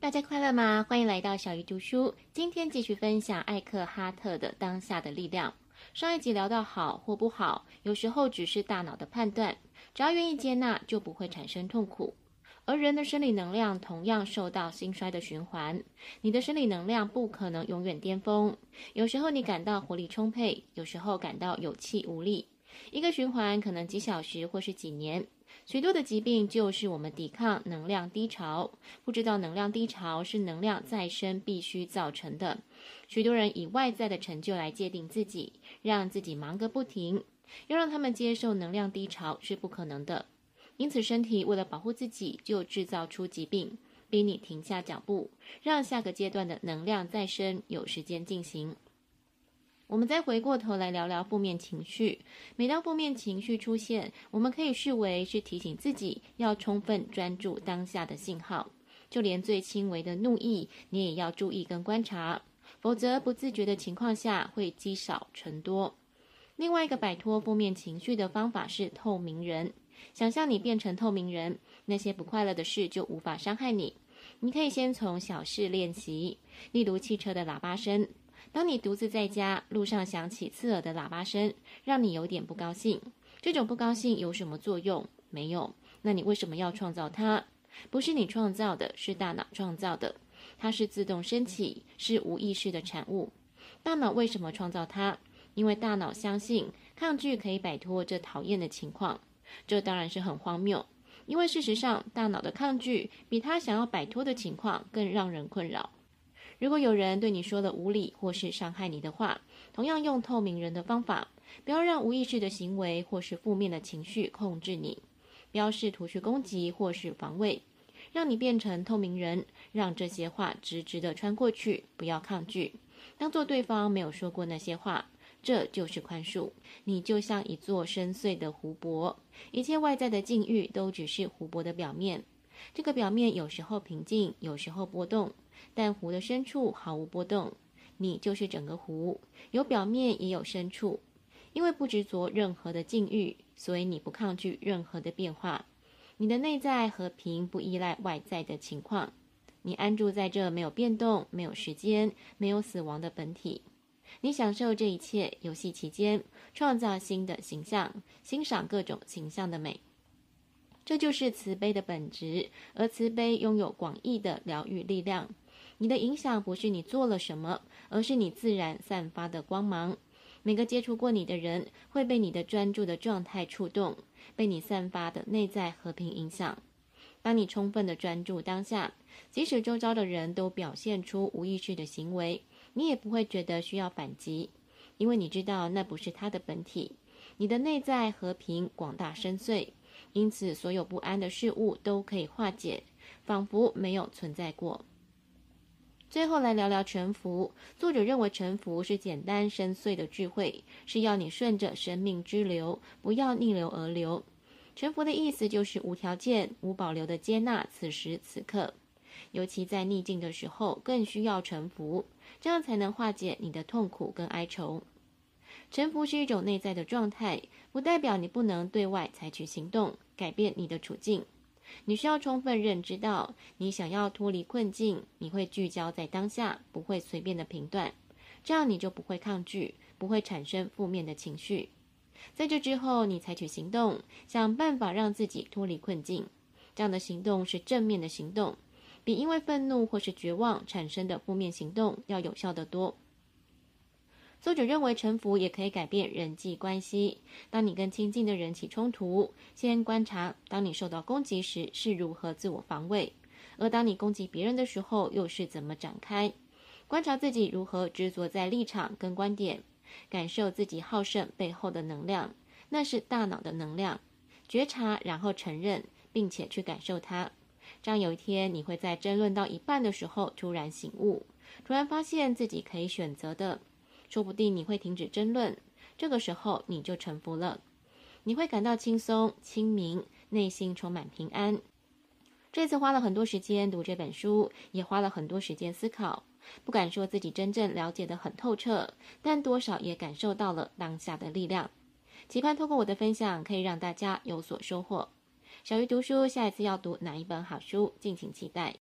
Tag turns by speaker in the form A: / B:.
A: 大家快樂嗎？歡迎來到小魚讀書。今天繼續分享艾克哈特的《當下的力量》。上一集聊到好或不好，有時候只是大腦的判斷。只要願意接納，就不會產生痛苦。而人的生理能量同樣受到興衰的循環。你的生理能量不可能永遠巔峰。有時候你感到活力充沛，有時候感到有氣無力。一個循環可能幾小時或是幾年。許多的疾病就是我們抵抗能量低潮，不知道能量低潮是能量再生必須造成的。許多人以外在的成就來界定自己，讓自己忙個不停，要讓他們接受能量低潮是不可能的。因此，身體為了保護自己，就制造出疾病，逼你停下腳步，讓下個階段的能量再生有時間進行。我們再回過頭來聊聊負面情緒。每當負面情緒出現，我們可以視為是提醒自己要充分專注當下的信號。就連最輕微的怒意，你也要注意跟觀察，否則不自覺的情況下會積少成多。另外一個擺脫負面情緒的方法是透明人。想象你變成透明人，那些不快樂的事就無法傷害你。你可以先從小事練習，例如汽車的喇叭聲。當你獨自在家，路上響起刺耳的喇叭聲，讓你有點不高興。這種不高興有什麼作用？沒有。那你為什麼要創造它？不是你創造的，是大腦創造的。它是自動升起，是無意識的產物。大腦為什麼創造它？因為大腦相信抗拒可以擺脫這討厭的情況。這當然是很荒謬，因為事實上，大腦的抗拒比它想要擺脫的情況更讓人困擾。如果有人對你說了無理或是傷害你的話，同樣用透明人的方法，不要讓無意識的行為或是負面的情緒控制你，不要試圖去攻擊或是防衛，讓你變成透明人，讓這些話直直地穿過去，不要抗拒，當做對方沒有說過那些話，這就是寬恕。你就像一座深邃的湖泊，一切外在的境遇都只是湖泊的表面，這個表面有時候平靜，有時候波動。但湖的深處毫無波動，你就是整個湖，有表面也有深處。因為不執着任何的境遇，所以你不抗拒任何的變化。你的內在和平不依賴外在的情況，你安住在這沒有變動、沒有時間、沒有死亡的本體。你享受這一切，遊戲期間，創造新的形象，欣賞各種形象的美。這就是慈悲的本質，而慈悲擁有廣義的療癒力量。你的影響不是你做了什麼，而是你自然散發的光芒。每個接觸過你的人會被你的專注的狀態觸動，被你散發的內在和平影響。當你充分的專注當下，即使周遭的人都表現出無意識的行為，你也不會覺得需要反擊，因為你知道那不是他的本體。你的內在和平廣大深邃，因此所有不安的事物都可以化解，仿佛沒有存在過。最後來聊聊臣服。作者認為臣服是簡單深邃的智慧，是要你順着生命之流，不要逆流而流。臣服的意思就是無條件、無保留的接納此時此刻，尤其在逆境的時候更需要臣服，這樣才能化解你的痛苦跟哀愁。臣服是一種內在的狀態，不代表你不能對外採取行動，改變你的處境。你需要充分認知到，你想要脫離困境，你會聚焦在當下，不會隨便的評斷，這樣你就不會抗拒，不會產生負面的情緒。在這之後，你採取行動，想辦法讓自己脫離困境，這樣的行動是正面的行動，比因為憤怒或是絕望產生的負面行動要有效得多。作者認為，臣服也可以改變人際關係。當你跟親近的人起衝突，先觀察：當你受到攻擊時是如何自我防衛，而當你攻擊別人的時候又是怎麼展開？觀察自己如何執着在立場跟觀點，感受自己好勝背後的能量，那是大腦的能量。覺察，然後承認，並且去感受它。這樣有一天，你會在爭論到一半的時候突然醒悟，突然發現自己可以選擇的。說不定你會停止爭論，這個時候你就臣服了，你會感到輕鬆、清明，內心充滿平安。這次花了很多時間讀這本書，也花了很多時間思考，不敢說自己真正了解得很透徹，但多少也感受到了當下的力量。期盼透過我的分享可以讓大家有所收穫。小魚讀書，下一次要讀哪一本好書，敬請期待。